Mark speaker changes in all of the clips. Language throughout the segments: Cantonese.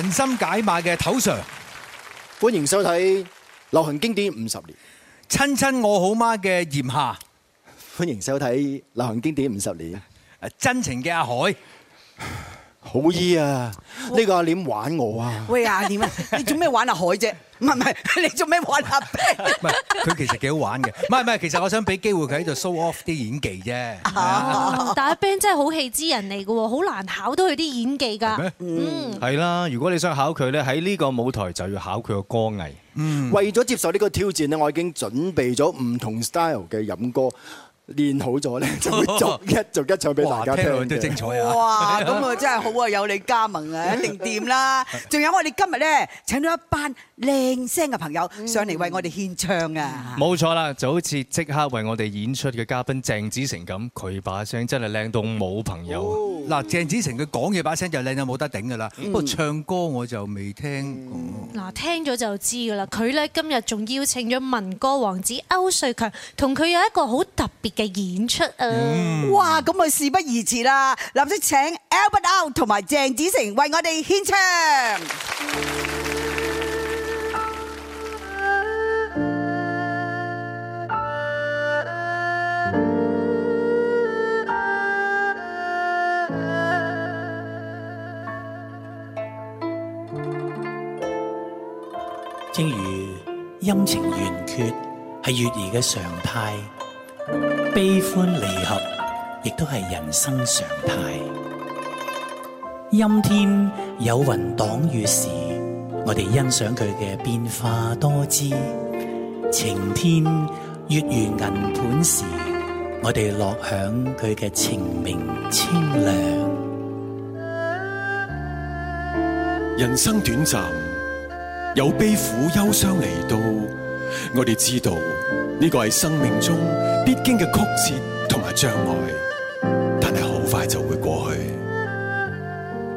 Speaker 1: 人心解碼嘅頭 Sir，歡迎收睇流行經典五十年。親親我好媽嘅炎夏，歡迎收睇
Speaker 2: 流行經典五十年。真情嘅阿海。好依啊！呢哇個阿廉玩我啊
Speaker 3: 喂！喂阿廉，你做咩玩阿海啫？唔係唔係，你做咩玩
Speaker 4: 阿 Ben？唔係
Speaker 1: 佢其實幾好玩嘅，唔係唔係，其實我想俾機會佢喺度 show off 啲演技啫、
Speaker 4: 哦。 但阿 Ben 真係好戲之人嚟㗎喎，好難考到佢啲演技㗎嗎。嗯，
Speaker 5: 係啦，如果你想考佢咧，喺呢個舞台就要考佢個歌藝。嗯，為咗接
Speaker 2: 受呢個挑戰咧，我已經準備咗唔同 style 嘅飲歌。練好咗咧，就會逐一逐一唱俾大家聽的。聽都精彩
Speaker 3: 啊！哇，咁啊真係好啊，有你加盟啊，一定掂啦！仲 有我哋今日咧請咗一班靚聲嘅朋友上嚟為我哋獻唱啊！
Speaker 5: 冇、嗯、錯啦，就好似即刻為我哋演出嘅嘉賓鄭子誠咁，佢把聲真係靚到冇朋友。嗱、哦呃，鄭子誠佢講嘢把聲就靚到冇得頂㗎啦，嗯、不
Speaker 1: 過唱歌我就未聽
Speaker 4: 嗱、嗯，聽咗就知㗎啦，佢咧今日仲邀請咗民歌王子區瑞強，同佢有一個好特別嘅演出啊！哇，咁咪事不宜遲啦，立即請 Albert Au 同埋鄭子誠為我
Speaker 3: 哋獻唱。
Speaker 6: 正如陰晴圓缺係月兒嘅常態。悲歡離合亦都係人生常態。陰天有雲擋雨時，我哋欣賞佢嘅變化多姿；晴天月圓銀盤時，我哋樂享
Speaker 7: 佢嘅晴明清亮。人生短暫，有悲苦憂傷嚟到，我哋知道呢個係生命中。必經嘅曲折同埋障礙，但係好快就會過去。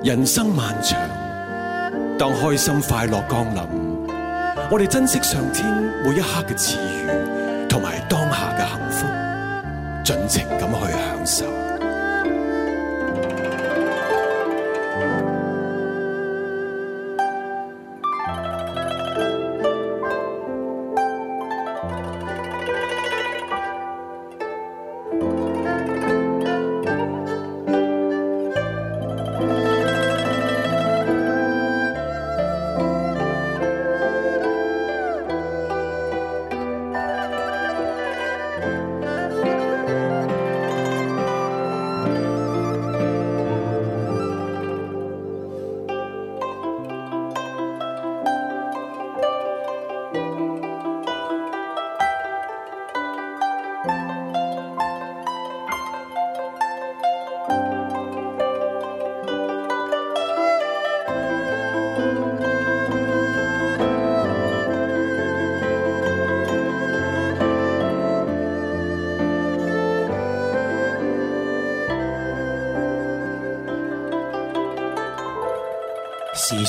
Speaker 7: 人生漫長，當開心快樂降臨，我哋珍惜上天每一刻嘅賜予，同埋當下嘅幸福，盡情咁去。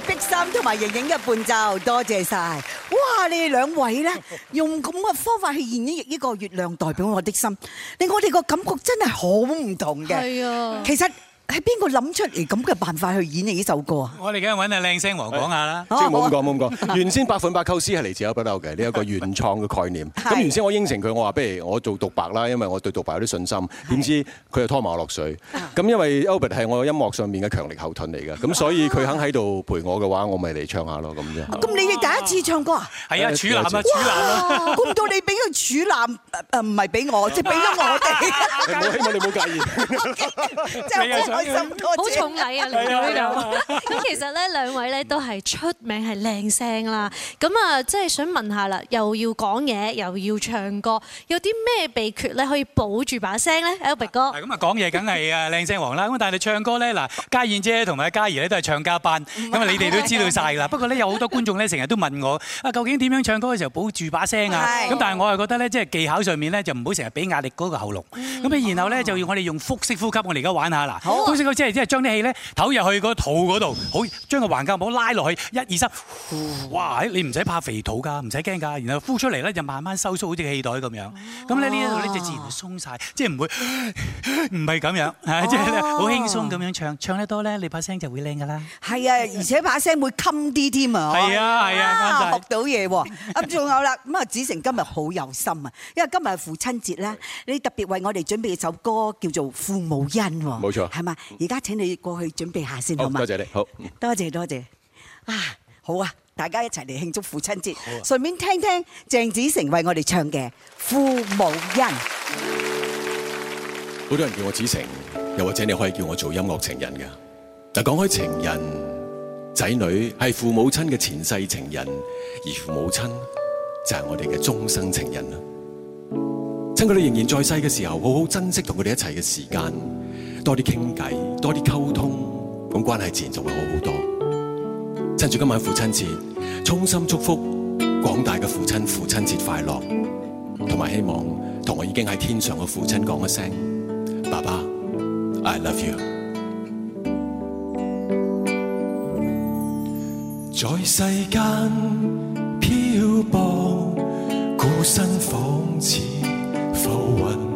Speaker 3: 《碧心》同埋《盈盈》嘅伴奏，多謝晒。哇，你哋兩位咧， 用咁嘅方法去演繹呢個月亮代表我的心，令我哋個感覺真係好唔同嘅。係是啊，其實。係邊個諗出嚟咁嘅辦法去演繹呢首歌找
Speaker 7: 是啊？我哋今日揾阿靚聲王講下啦，即係冇咁講冇咁講。原先百分百構思係嚟自阿不嬲嘅呢一個原創嘅概念。咁的原先我應承佢，我話不如我做獨白啦，因為我對獨白有啲信心。點的知佢又拖埋我落水。咁的因為 Obert 係我音樂上面嘅強力後盾嚟嘅，咁、啊、所以佢肯喺度陪我嘅話，我咪嚟唱下咯，咁啫。
Speaker 3: 咁哇你哋第一次唱歌是
Speaker 7: 啊？係啊，處男、就是、啊，處男，
Speaker 3: 估唔到你俾個處男唔係俾我，即係俾咗我
Speaker 6: 哋。
Speaker 8: 唔希望你冇介意。好重禮
Speaker 4: 啊！你兩位咁其實咧，兩位咧都係出名係靚聲啦。咁啊，即係想問下啦，又要講嘢又，又要唱歌，有啲咩秘訣咧可以保住把聲咧？Albert 哥，咁
Speaker 6: 啊講嘢梗係啊靚聲王啦。咁 但係你唱歌咧嗱，嘉燕姐同埋嘉怡咧都係唱家班，咁啊是、嗯、你哋都知道晒噶啦。不過咧有好多觀眾咧成日都問我啊，究竟點樣唱歌嘅時候保住把聲啊？咁是但係我係覺得咧，即係技巧上面咧就唔好成日俾壓力嗰個喉嚨。咁啊、嗯，嗯、然後咧就要我哋用腹式呼吸。我哋而家玩下啦。好好食嗰即係即係將啲氣咧投入去個肚嗰度，好將個橫膈膜拉落去，一二三，呼，哇！你唔使怕肥肚噶，唔使驚噶。然後呼出嚟咧就慢慢收縮，好似氣袋咁樣。咁咧呢一度咧就自然會鬆晒，即係唔會唔係咁樣，哦、即係好輕鬆咁樣唱。唱得多咧，你把聲
Speaker 3: 就會靚噶啦。係啊，而且把聲會襟啲添啊。係啊，係啊，蛋學到嘢喎、啊。咁仲有啦，咁啊子成今日好有心啊，因為今日係父親節啦。你特別為我哋準備一首歌叫做《父母恩》，冇錯，係嘛？而家請你過去準備下先好
Speaker 8: 嘛？多謝你，好，
Speaker 3: 多謝多謝啊！好啊，大家一齊嚟慶祝父親節，順便聽聽鄭子誠為我哋唱嘅《父母恩》。
Speaker 7: 好多人叫我子誠，又或者你可以叫我做音樂情人噶。嗱，講開情人，仔女係父母親嘅前世情人，而父母親就係我哋嘅終生情人啦。趁佢哋仍然在世嘅時候，好好珍惜同佢哋一齊嘅時間。多啲傾偈，多啲溝通，咁關係自然就會好好多。趁住今晚父親節，衷心祝福廣大嘅父親父親節快樂，同埋希望同我已經喺天上嘅父親講一聲：爸爸，I love you。在世間漂泊，孤身仿似浮雲。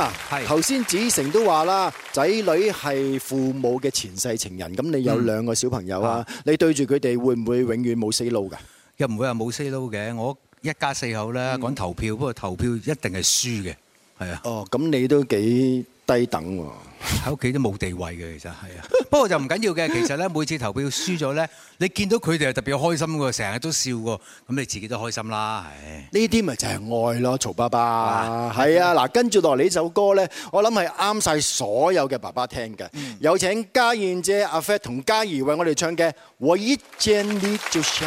Speaker 2: 啊！頭先子誠都話啦，仔女係父母嘅前世情人。咁你有兩個小朋友啊，你對住佢哋會唔會永遠冇 say 路㗎？又
Speaker 1: 唔會話冇 say 路嘅，我一家四口啦，講投票不過投票一定係輸嘅，係啊。哦，
Speaker 2: 咁你都幾低等喎。喺屋企
Speaker 1: 都冇地位嘅， 其實係啊，不過就唔緊要嘅。其實咧，每次投票輸咗咧，你見到佢哋係特別開心喎，成日都笑喎，咁你自己都開心啦。
Speaker 2: 係呢啲咪就係愛咯，曹爸爸。係啊，嗱對，跟住落嚟呢首歌咧，我諗係啱晒所有嘅爸爸聽嘅。嗯、有請家燕姐阿 Fett 同嘉怡為我哋唱嘅《我一見你就笑》。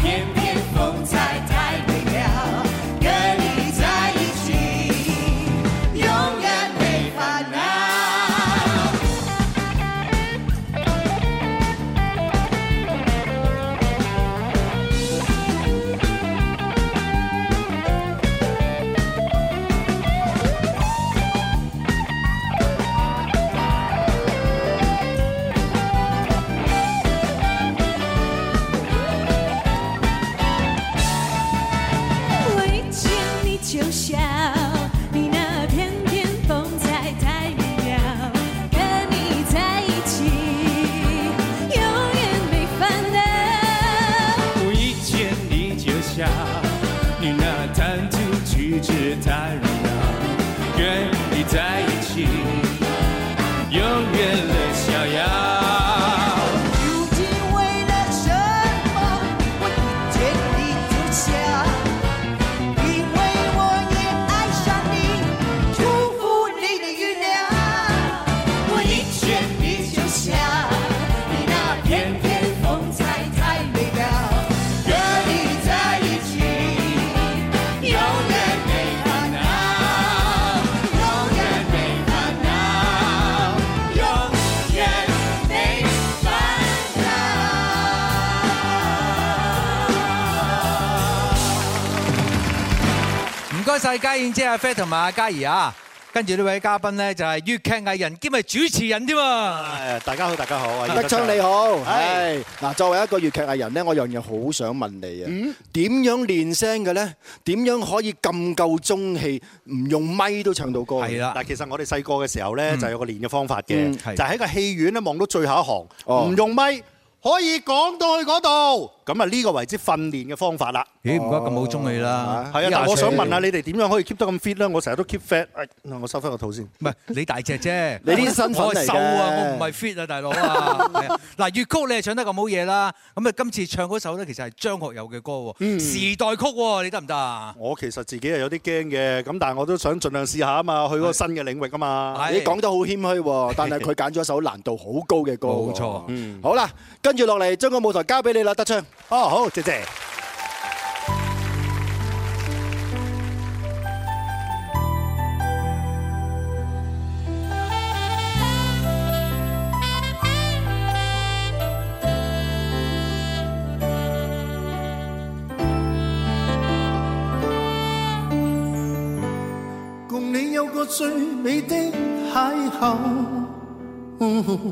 Speaker 1: 多謝嘉燕姐阿飛同埋阿嘉怡啊，跟住呢位嘉賓咧就係粵劇藝人兼係主持人添啊！大家
Speaker 2: 好，大家好，德鏘你好。係嗱，作為一個粵劇藝人咧，我有樣嘢好想問你啊，點樣練聲嘅咧？點樣可以咁夠中氣，唔用咪都唱到歌？係啦，嗱，其實我哋細個嘅時候咧，就係有個練嘅方法嘅，就喺個戲院咧望到最後一行，唔用咪。可以講到去嗰度，咁啊呢個為之訓練嘅方法啦。咦，唔覺得咁好中氣啦？係啊，我想問下你哋點樣可以 keep 得咁 fit 咧？我成日都 keep fat，我收翻個肚先。唔係你大隻啫，你啲身材嚟咧。我係瘦啊，我唔係 fit 啊，大
Speaker 1: 佬啊。嗱，粵曲你係唱得咁好嘢啦。咁啊，今次唱嗰首咧，其實係張學友嘅
Speaker 2: 歌喎，時代曲喎，你得唔得啊？我其實自己係有啲驚嘅，咁但係我都想盡量試下啊嘛，去嗰新嘅領域啊嘛。你講得好謙虛，但係佢揀咗一首難度好高嘅歌。冇錯，好啦。跟住落嚟，將個舞台交俾你啦，德鏘。哦，好，謝謝。
Speaker 9: 共你有個最美的邂逅。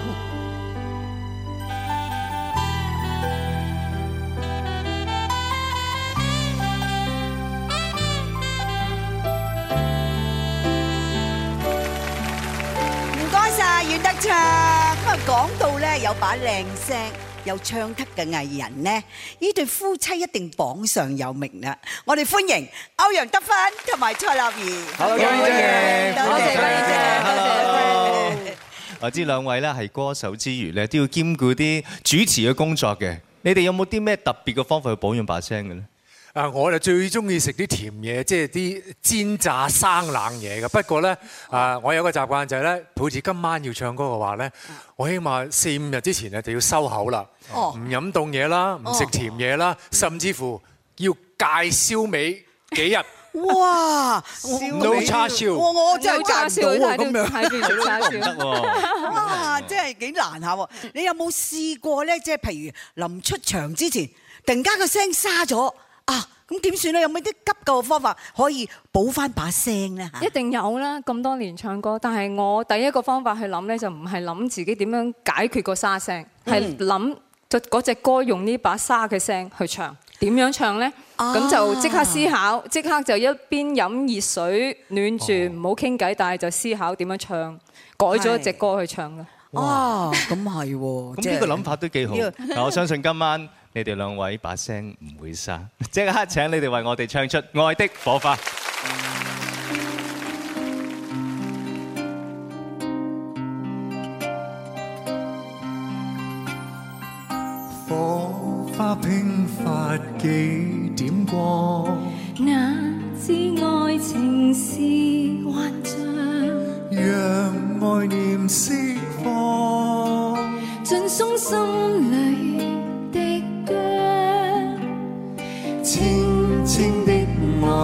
Speaker 3: 講到咧有把靚聲又唱得嘅藝人咧，呢對夫妻一定榜上有名啦！我哋歡迎歐陽德勛同埋蔡立兒。好，歡迎，多謝，多謝，多
Speaker 5: 謝。啊，我知兩位咧係歌手之餘咧，都要兼顧啲主持嘅工作嘅。你哋有冇啲咩特別嘅方法去保養把聲嘅咧？
Speaker 1: 啊！我就最中意食啲甜嘢，即係啲煎炸生冷嘢嘅。不過咧，啊，我有個習慣就係咧，好似今晚要唱歌嘅話咧，我希望四五日之前咧就要收口啦，唔飲凍嘢啦，唔食甜嘢啦，甚至乎要戒燒味幾日。
Speaker 3: 哇！叉燒，我真係戒唔到，咁樣食都唔得喎。哇！真係幾難下。你有冇試過咧？即係譬如臨出場之前，突然間個聲沙咗。啊，咁點算咧？有冇啲急救方法可
Speaker 1: 以補翻把聲咧？一定有啦！咁多年唱歌，但係我第一個方法去諗咧，就唔係諗自己點樣解決個沙聲，係諗就嗰隻歌用呢把沙嘅聲去唱，點樣唱咧？咁、啊、就即刻思考，即刻就一邊飲熱水暖住，唔好傾偈，但係就思考點樣唱，改咗一隻歌去唱嘅。哇！
Speaker 5: 咁係喎，咁呢個諗法都幾好。嗱， 我相信今晚。你哋兩位把聲唔會沙，即刻請你哋為我哋唱出《愛的火花》。
Speaker 6: 火
Speaker 8: 花迸發幾點光，哪知愛情是幻象，讓愛念釋放，盡鬆心裏。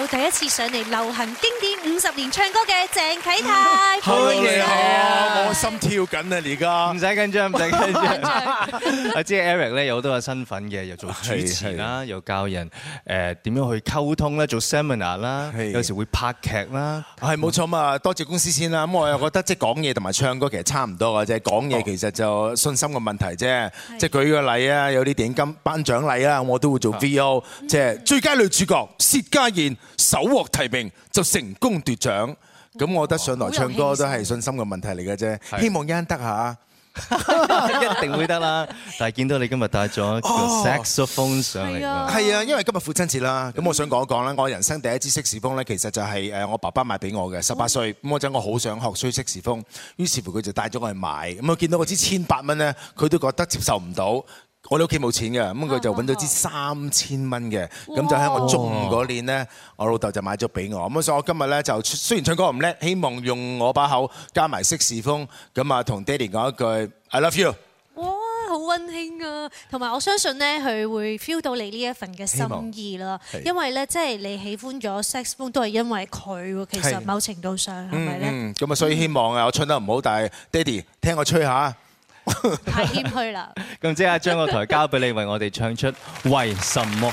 Speaker 4: 有第一次上嚟流行經典五十年唱歌嘅鄭啟泰，好，你好啊！我
Speaker 5: 心跳緊啊，而家唔使緊張，唔使緊張。我知 Eric 咧有好多個身份嘅，又做主持啦，又教人誒點樣去溝通咧，做 seminar 啦，有時會拍劇啦。係冇錯嘛？
Speaker 10: 多謝公司先啦。咁我又覺得即係講嘢同埋唱歌其實差唔多嘅啫，即係講嘢其實就信心嘅問題啫。即係舉個例啊，有啲點金頒獎禮啊，我都會做 VO，即係最佳女主角薛家燕。手獲提名就成功奪獎，咁我覺得上來唱歌都係信心嘅問題嚟嘅啫，希望一陣得下， 一定會得啦。但係見到你今日帶咗個 Saxophone 上嚟，係、哦、啊、啊，因為今日父親節啦，咁、嗯、我、嗯、想講一講啦，我人生第一支色士風咧，其實就係我爸爸買俾我嘅，十八歲，咁嗰陣我好想，想學吹色士風，於是乎佢就帶咗我去買，咁佢見到嗰支千八蚊咧，佢都覺得接受唔到。我哋屋企冇錢嘅，咁佢就揾到支三千蚊嘅，咁、哦哦、就喺我中五嗰年咧，哦哦、我老豆就買咗俾我。咁所以我今日咧就雖然唱歌唔叻，希望用我把口加埋色士風，咁啊同爹哋講一句 I love you。
Speaker 4: 哇、哦，好溫馨啊！同埋我相信咧，佢會 feel 到你呢一份嘅心意啦。因為咧，即係你喜歡咗色士風，都係因為佢喎。其實某程度上係咪
Speaker 5: 咧？咁啊是，嗎所以希望啊，我唱得唔好，但係爹哋
Speaker 10: 聽我吹下。
Speaker 4: 太
Speaker 5: 謙虛啦！咁即刻將個台交俾你，為我哋唱出為什麼？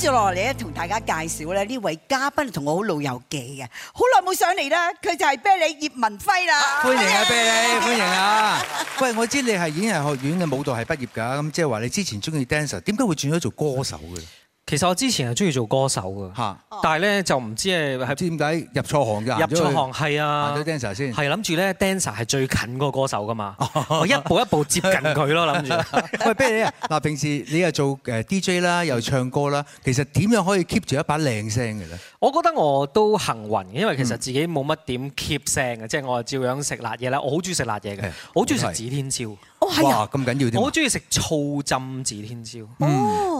Speaker 3: 接落嚟咧，同大家介紹咧，呢
Speaker 1: 位嘉賓同我好老友記嘅，
Speaker 3: 好耐冇上嚟啦，佢就係啤梨葉文輝啦。
Speaker 1: 歡迎啊，啤梨！歡迎啊！喂，我知你係演藝學院嘅舞蹈系畢業㗎，咁即係話你之前中意 dancer，點解會轉咗做歌手嘅？其實我之前係中意做歌手嘅，但係咧就唔知係知點解入錯行㗎。行入錯行係啊，行咗 dancer 先係諗住咧，dancer 係最近個歌手㗎嘛。
Speaker 11: 我一步一步接近佢咯，諗住。 喂，
Speaker 1: 不如你 Billy 嗱 平時你又做誒 DJ 啦，又唱歌啦，其實點樣可以 keep 住一把靚聲嘅咧？
Speaker 11: 我覺得我都幸運，因為其實自己冇乜點 keep 聲嘅，即係、嗯、我係照樣食辣嘢啦。我好中意食辣嘢嘅，的我好中意食指天椒的。
Speaker 1: 哇，咁緊要啲！我好中意食醋
Speaker 11: 浸子天椒。嗯，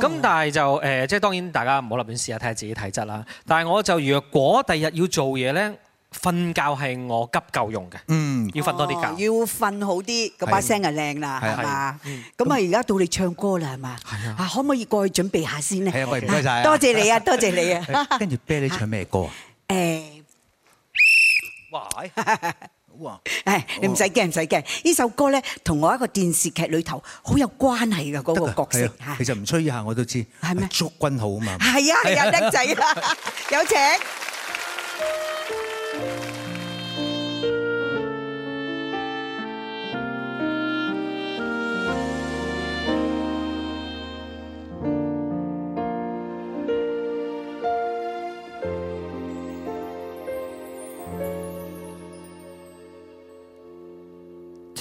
Speaker 11: 咁但係就誒，即係當然大家唔好立亂試下，睇下自己體質啦。但係我就如果第日要做嘢咧，瞓覺係我急救用嘅。嗯，要瞓多啲覺，
Speaker 3: 要瞓好啲，個把聲就靚啦，係嘛？咁啊，而家到你唱歌啦，係嘛？係啊，可唔可以過去準備下先咧？係啊，我唔該晒啊，多謝你啊，多謝你啊。
Speaker 1: 跟住啤你唱咩歌
Speaker 3: 啊？誒，
Speaker 9: 喂。
Speaker 3: 係，你唔使驚，唔使驚。呢首歌咧，同我一個電視劇裏頭好有關係嘅嗰
Speaker 1: 個角色吓。其實唔吹下我都知。係咩？祝君好啊嘛。係啊係啊，
Speaker 3: 叻仔啊，有請。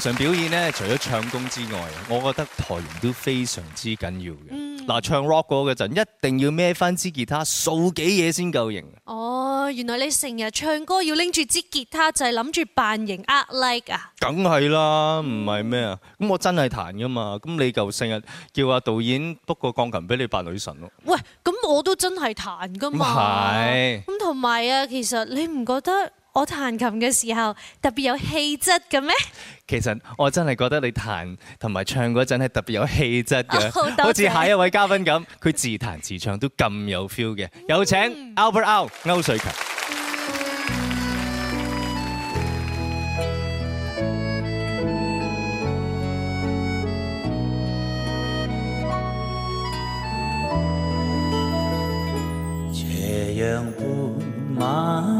Speaker 5: 上表演咧，除咗唱功之外，我覺得台型都非常之緊要嘅。嗱、嗯，唱 rock 歌嘅陣，一定要孭翻支吉他，數幾嘢先夠型。
Speaker 4: 哦，原來你成日唱歌要拎住支吉他，就係諗住扮型、u like 啊？
Speaker 5: 梗係啦，唔係咩啊？咁、嗯、我真係彈噶嘛？咁你就成日叫阿導演 book 個鋼琴俾你扮女神咯？
Speaker 4: 喂，咁我都真係彈噶嘛？係，咁同埋啊，其實你唔覺得？我彈琴嘅時候特別有氣質嘅咩？
Speaker 5: 其實我真係覺得你彈同埋唱嗰陣係特別有氣質嘅，好似下一位嘉賓咁，佢自彈自唱都咁有 feel 嘅。有請 Albert Ou 區瑞水強。
Speaker 6: 斜陽伴晚。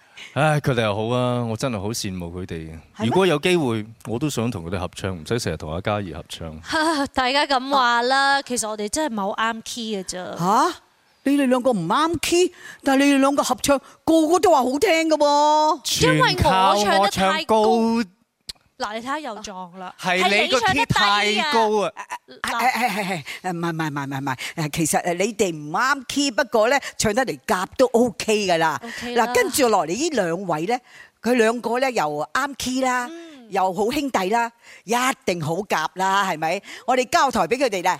Speaker 5: 唉，佢哋又好啊，我真係好羨慕佢哋嗎。如果有機會，我都想同佢哋合唱，唔使成日同阿嘉怡合唱。
Speaker 4: 大家咁話啦，其實我哋真係冇啱 key 嘅啫。吓，你哋兩個唔啱 key，但係你哋兩個合
Speaker 3: 唱個個都話好聽嘅噃，因為我唱得太高。
Speaker 4: 嗱，你睇下又撞啦，係你個、啊、key 太高啊！係係
Speaker 3: 係係，唔係唔係唔係唔係，其實你哋唔啱 key，不過咧唱得嚟夾都 OK 噶啦。嗱，跟住落嚟呢兩位咧，佢兩個咧又啱 key 啦、嗯，又好兄弟啦，一定好夾啦，係咪？我哋交台俾佢哋啦。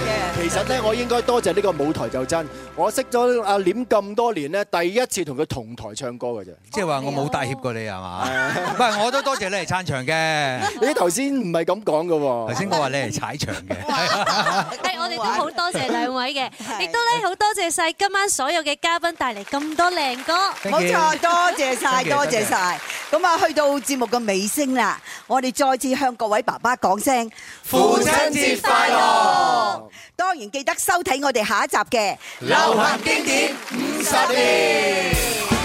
Speaker 2: 其實咧，我應該多謝呢個舞台就真。我識咗阿廉咁多年咧，第一次同佢同台唱歌嘅啫。即
Speaker 1: 係話我冇帶挈過你係嘛？唔係我都多謝你嚟撐場嘅。
Speaker 2: 你頭先唔係咁講嘅喎，頭先我話你嚟踩場嘅。
Speaker 4: 係，我哋都好多謝兩位嘅，亦都咧好多謝晒今晚所有嘅嘉賓帶嚟咁多靚歌。冇錯，多謝晒，多謝晒。
Speaker 3: 咁啊，去到節目嘅尾聲啦，我哋再次向各位爸爸講聲父親節快樂。當然記得收睇我哋下一集嘅流行經典
Speaker 8: 五十年。